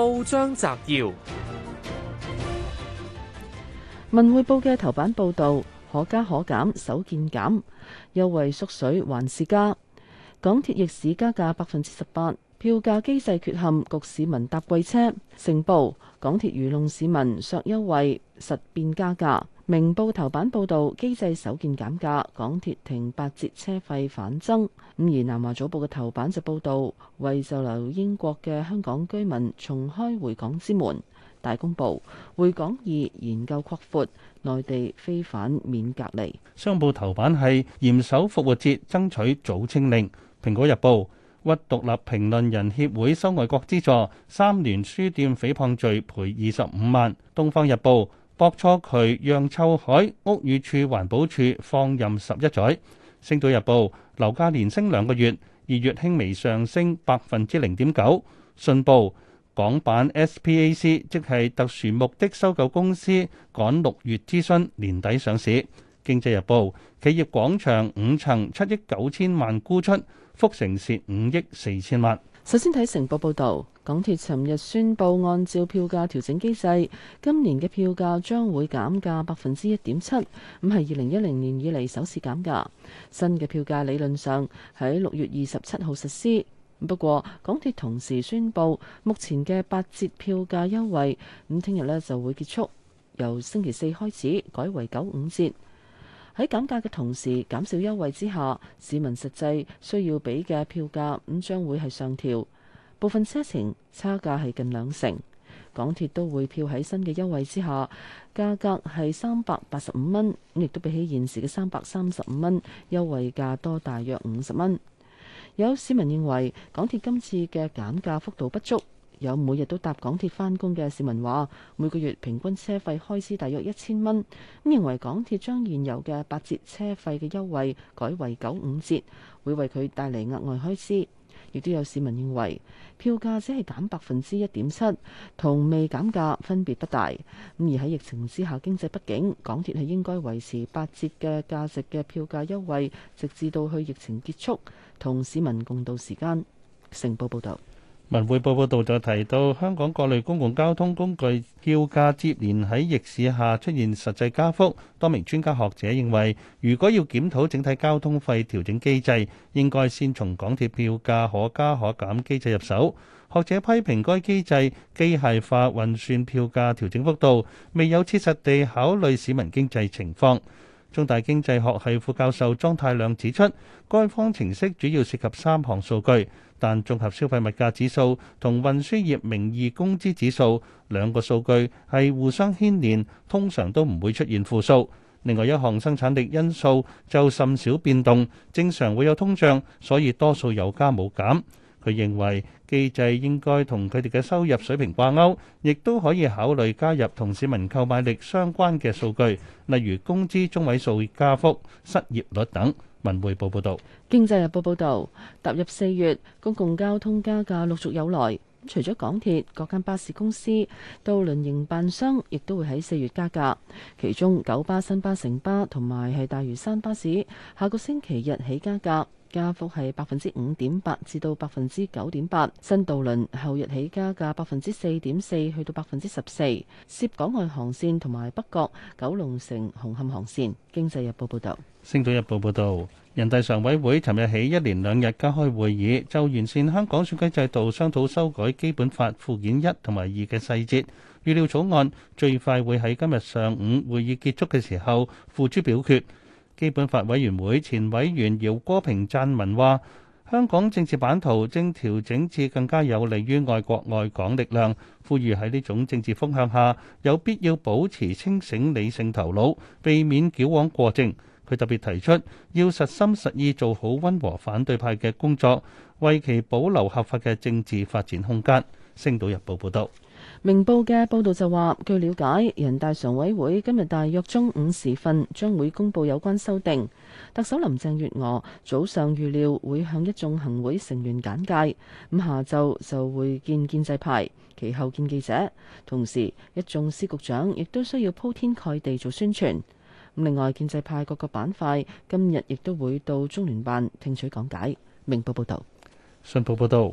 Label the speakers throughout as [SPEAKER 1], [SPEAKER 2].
[SPEAKER 1] 報章摘要：《文匯報》嘅頭版報道，可加可減，首見減優惠縮水還是加？港鐵逆市加價百分之十八，票價機制缺陷，焗市民搭貴車。成報：港鐵愚弄市民削優，削優惠實變加價。明報頭版報導機制首見減價，港鐵停八折車費反增。咁而南華早報嘅頭版就報導為就留英國嘅香港居民重開回港之門。大公報回港易研究擴闊內地
[SPEAKER 2] 非返免隔離。商報頭版係嚴守復活節爭取早清令。蘋果日報屈獨立評論人協會收外國資助，三聯書店誹謗罪賠二十五萬。東方日報。博錯渠讓臭海，屋宇署環保署放任十一載。星島日報，樓價連升兩個月，二月輕微上升百分之零點九。信報，港版 SPAC 即係特殊目的收購公司，趕六月諮詢年底上市。經濟日報，企業廣場五層七億九千萬沽出，福城蝕五億四千萬。
[SPEAKER 1] 首先睇成報報道，港鐵尋日宣布，按照票價調整機制，今年嘅票價將會減價百分之一點七，咁係二零一零年以嚟首次減價。新嘅票價理論上喺六月二十七號實施。不過，港鐵同時宣布，目前嘅八折票價優惠，咁聽日呢就會結束，由星期四開始改為九五折。喺減價嘅同時，減少優惠之下，市民實際需要俾嘅票價咁將會係上調，部分車程差價係近兩成。港鐵都會票喺新嘅優惠之下，價格係三百八十五蚊，亦都比起現時嘅三百三十五蚊優惠價多大約五十蚊。有市民認為港鐵今次嘅減價幅度不足。有每日都搭港鐵返工嘅市民話，每個月平均車費開支大約一千蚊，咁認為港鐵將現有嘅八折車費嘅優惠改為九五折，會為佢帶嚟額外開支。亦都有市民認為，票價只係減百分之一點七，同未減價分別不大。咁而喺疫情之下，經濟不景，港鐵係應該維持八折嘅價值嘅票價優惠，直至到去疫情結束，同市民共度時艱。成報報道。
[SPEAKER 2] 文匯報報道就提到，香港各類公共交通工具票價接連喺逆市下出現實際加幅。多名專家學者認為，如果要檢討整體交通費調整機制，應該先從港鐵票價可加可減機制入手。學者批評該機制機械化運算票價調整幅度，未有切實地考慮市民經濟情況。中大經濟學系副教授莊泰亮指出，該方程式主要涉及三項數據，但綜合消費物價指數同運輸業名義工資指數，兩個數據係互相牽連，通常都唔會出現負數。另外一項生產力因素就甚少變動，正常會有通脹，所以多數有加冇減。佢認為機制應該同佢哋嘅收入水平掛鈎，亦都可以考慮加入同市民購買力相關嘅數據，例如工資中位數加幅、失業率等。文匯報報導，
[SPEAKER 1] 經濟日報報導，踏入四月，公共交通加價陸續有來。除咗港鐵，各間巴士公司、渡輪營辦商亦都會喺四月加價。其中九巴、新巴、城巴同埋係大嶼山巴士，下個星期日起加價。加幅係百分之五點八至到百分之九點八，新渡輪後日起加價百分之四點四去到百分之十四，涉港外航線同埋北角、九龍城、紅磡航線。經濟日報報道。
[SPEAKER 2] 星島日報報道：人大常委會尋日起一連兩日加開會議，就完善香港選舉制度商討修改基本法附件一同埋二嘅細節，預料草案最快會喺今日上午會議結束嘅時候付諸表決。基本法委員會前委員饒戈平撰文話：香港政治版圖正調整至更加有利於愛國愛港力量。呼籲喺呢種政治風向下，有必要保持清醒理性頭腦，避免矯枉過正。佢特別提出要實心實意做好溫和反對派嘅工作，為其保留合法嘅政治發展空間。《星島日報》報道。
[SPEAKER 1] 明報嘅報道就話，據了解，人大常委會今日大約中午時分將會公布有關修訂。特首林鄭月娥早上預料會向一眾行會成員簡介，咁下晝就會見建制派，其後見記者。同時，一眾司局長亦都需要鋪天蓋地做宣傳。咁另外，建制派各個板塊今日亦都會到中聯辦聽取講解。
[SPEAKER 2] 明報報道，信報報道。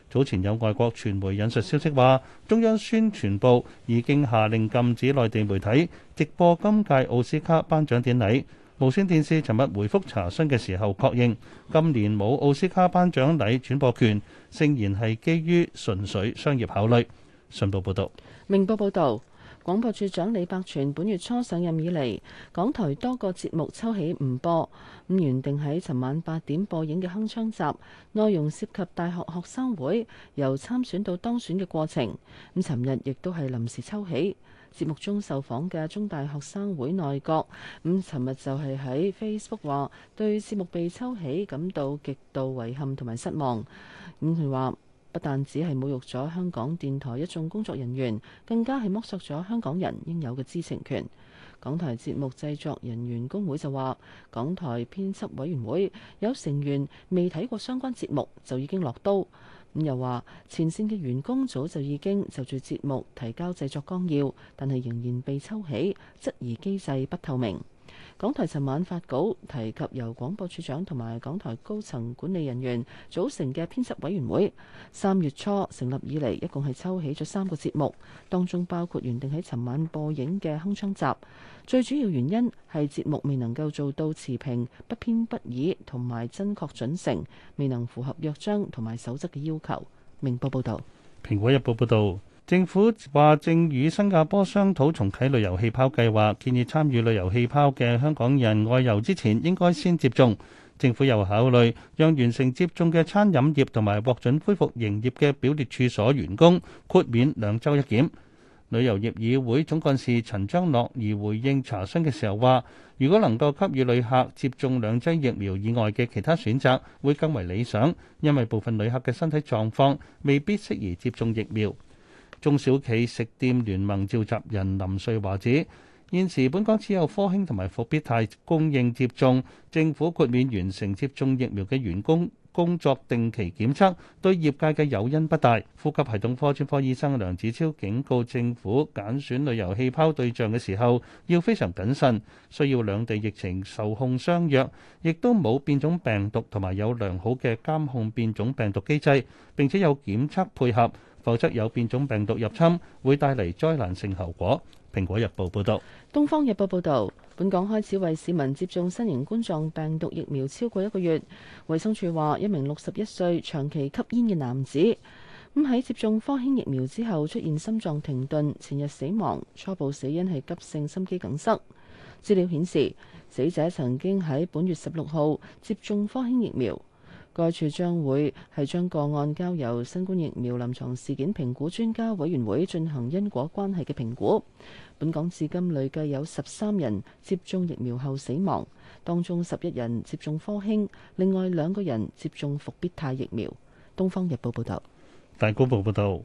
[SPEAKER 2] 早前有外國傳媒引述消息話，中央宣傳部已經下令禁止內地媒體直播今屆奧斯卡頒獎典禮。無線電視尋日回覆查詢嘅時候確認，今年冇奧斯卡頒獎禮轉播權，聲言係基於純粹商業考慮。信報報導，
[SPEAKER 1] 明報報導。廣播處長李百全本月初上任以嚟，港台多個節目抽起唔播。咁原定喺尋晚八點播映嘅《鏗鏘集》，內容涉及大學學生會由參選到當選嘅過程。咁尋日亦都係臨時抽起。節目中受訪嘅中大學生會內閣，咁尋日就係喺 Facebook 話對節目被抽起感到極度遺憾同埋失望。咁佢話。不但只係侮辱咗香港電台一眾工作人員，更加係剝削咗香港人應有嘅知情權。港台節目製作人員工會就話港台編輯委員會有成員未睇過相關節目就已經落刀，咁又話前線嘅員工早就已經就住節目提交製作綱要，但係仍然被抽起，質疑機制不透明。港台尋晚發稿提及由廣播處長同埋港台高層管理人員組成嘅編輯委員會，三月初成立以嚟，一共係抽起咗三個節目，當中包括原定喺尋晚播映嘅《鏗鏘集》。最主要原因係節目未能夠做到持平不偏不倚同埋真確準成，未能符合約章同埋守則嘅要求。明報報道。
[SPEAKER 2] 蘋果日報報道。政府話正與新加坡商討重啟旅遊氣泡計劃，建議參與旅遊氣泡嘅香港人外遊之前應該先接種。政府又考慮讓完成接種嘅餐飲業同埋獲准恢復營業嘅表列處所員工豁免兩周一檢。旅遊業議會總幹事陳章樂而回應查詢嘅時候話，如果能夠給予旅客接種兩劑疫苗以外嘅其他選擇，會更為理想，因為部分旅客嘅身體狀況未必適宜接種疫苗。中小企食店聯盟召集人林瑞華指，現時本港只有科興同埋復必泰供應接種，政府豁免完成接種疫苗嘅員工工作定期檢測對業界嘅誘因不大。呼吸系統科專科醫生梁子超警告，政府揀選旅遊氣泡對象嘅時候要非常謹慎，需要兩地疫情受控相約，亦都冇變種病毒同埋有良好嘅監控變種病毒機制，並且有檢測配合。否則有變種病毒入侵，會帶嚟災難性後果。《蘋果日報》報道。
[SPEAKER 1] 《東方日報》報道，本港開始為市民接種新型冠狀病毒疫苗超過一個月。衞生署話，一名六十一歲長期吸煙嘅男子，咁喺接種科興疫苗之後出現心臟停頓，前日死亡，初步死因係急性心肌梗塞。資料顯示，死者曾經喺本月十六號接種科興疫苗。該處將會係將個案交由新冠疫苗臨床事件評估專家委員會進行因果關係嘅評估。本港至今累計有十三人接種疫苗後死亡，當中十一人接種科興，另外兩個人接種復必泰疫苗。《東方日報》報道。
[SPEAKER 2] 大公報報道，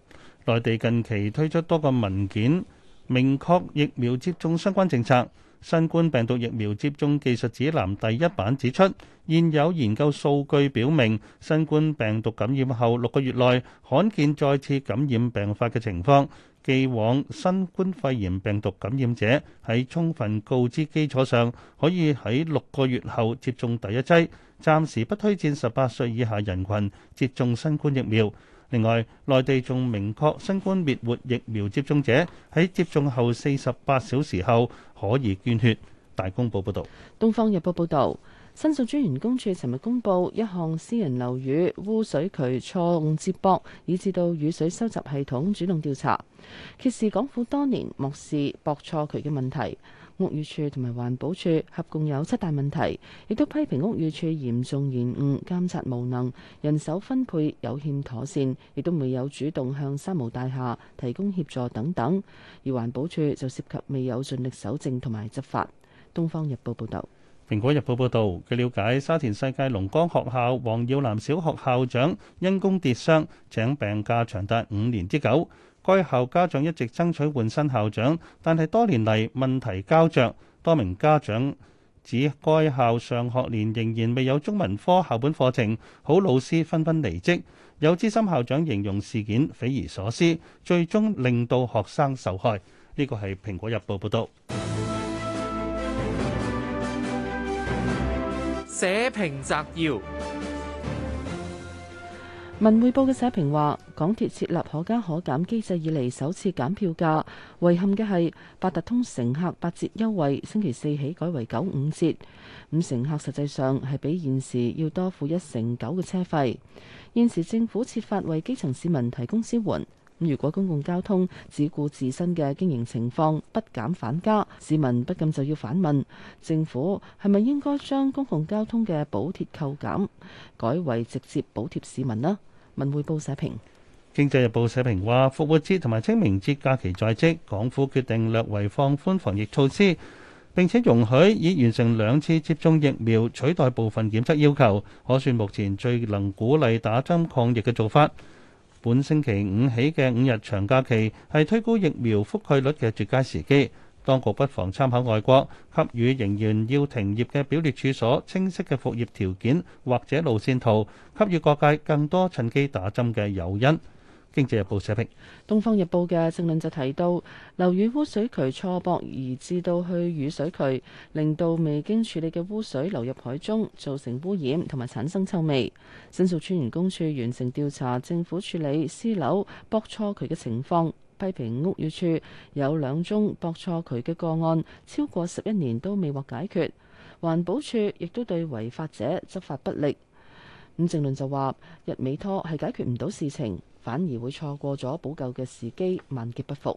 [SPEAKER 2] 內地近期推出多個文件，明確疫苗接種相關政策。新冠病毒疫苗接種技術指南第一版指出，現有研究數據表明，新冠病毒感染後六個月內罕見再次感染病發嘅情況。既往新冠肺炎病毒感染者喺充分告知基礎上，可以喺六個月後接種第一劑。暫時不推薦十八歲以下人群接種新冠疫苗。另外，內地仲明確，新冠滅活疫苗接種者喺接種後四十八小時後可以捐血。大公報報導。
[SPEAKER 1] 《東方日報》報導，申訴專員公署尋日公布，一項私人樓宇污水渠錯誤接駁，以致到雨水收集系統主動調查，揭示港府多年漠視駁錯渠嘅問題。屋宇署同埋環保署合共有七大問題，亦都批評屋宇署嚴重延誤、監察無能、人手分配有欠妥善，亦都未有主動向三無大廈提供協助等等。而環保署就涉及未有盡力搜證同埋執法。《東方日報》報道。
[SPEAKER 2] 《蘋果日報》報道，據了解，沙田世界龍岡學校黃耀南小學校長因公跌傷，請病假長達五年之久。該校家長一直爭取換新校長，但係多年嚟問題膠着。多名家長指該校上學年仍然未有中文科校本課程，好老師紛紛離職。有資深校長形容事件匪夷所思，最終令到學生受害。呢個係《蘋果日報》報道。社評摘要。
[SPEAKER 1] 文匯報嘅社評話，港鐵設立可加可減機制以嚟，首次減票價，遺憾嘅係八達通乘客八折優惠，星期四起改為九五折，咁乘客實際上係比現時要多付一成九嘅車費。現時政府設法為基層市民提供支援。咁如果公共交通只顧自身嘅經營情況，不減反加，市民不禁就要反問政府係咪應該將公共交
[SPEAKER 2] 通嘅補貼扣減改為直接補貼
[SPEAKER 1] 市民呢？文匯報社評，
[SPEAKER 2] 經濟日報社評話：復活節同埋清明節假期在即，港府決定略為放寬防疫措施，並且容許已完成兩次接種疫苗取代部分檢測要求，可算目前最能鼓勵打針抗疫嘅做法。本星期五起嘅五日長假期係推高疫苗覆蓋率嘅絕佳時機，當局不妨參考外國，給予仍然要停業嘅表列處所清晰嘅復業條件或者路線圖，給予各界更多趁機打針嘅誘因。《經濟日報》寫評，
[SPEAKER 1] 《東方日報》嘅政論就提到，樓宇污水渠錯駁而至到去雨水渠，令到未經處理嘅污水流入海中，造成污染同埋產生臭味。申訴專員公署完成調查，政府處理私樓駁錯渠嘅情況，批評屋宇處有兩宗駁錯渠嘅個案，超過十一年都未獲解決。環保署亦都對違法者執法不力。伍正論就話：日美拖係解決唔到事情，反而會錯過咗補救嘅時機，萬劫不復。《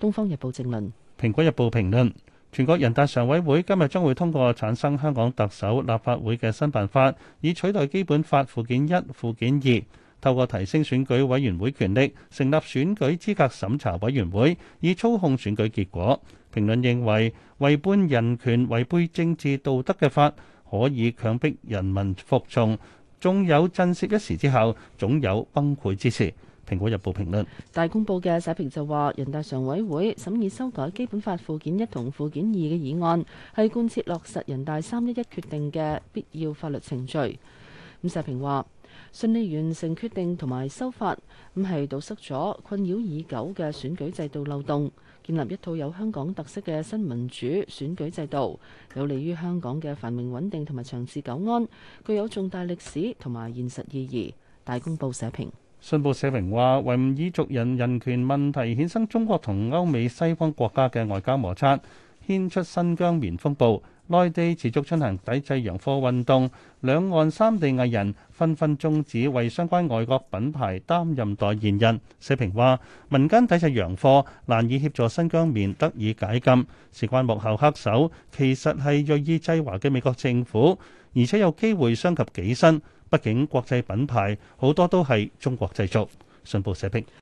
[SPEAKER 1] 東方日報正論》評論，
[SPEAKER 2] 《蘋果日報》評論，全國人大常委會今日將會通過產生香港特首、立法會嘅新辦法，以取代《基本法》附件一、附件二。透過提升選舉委員會權力，成立選舉資格審查委員會，以操控選舉結果。評論認為，違反人權、違背政治道德嘅法，可以強迫人民服從。仲有震懾一時之後，總有崩潰之時。《蘋果日報》評論，
[SPEAKER 1] 《大公報》嘅社評就話：人大常委會審議修改基本法附件一同附件二嘅議案，係貫徹落實人大三一一決定嘅必要法律程序。咁社評話：順利完成決定同埋修法，咁係堵塞咗困擾已久嘅選舉制度漏洞。建立一套有香港特色嘅新民主選舉制度，有利於香港嘅繁榮穩定同埋長治久安，具有重大歷史同埋現實意義。大公報社評，
[SPEAKER 2] 信報社評話，維吾爾族人人權問題衍生中國同歐美西方國家嘅外交摩擦。掀出新疆棉風暴，內地持續進行抵制洋貨運動，兩岸三地藝人紛紛終止為相關外國品牌擔任代言人。社評話：民間抵制洋貨難以協助新疆棉得以解禁，事關幕後黑手，其實係銳意制華嘅美國政府，而且有機會傷及己身。畢竟國際品牌好多都係中國製造。信報社評。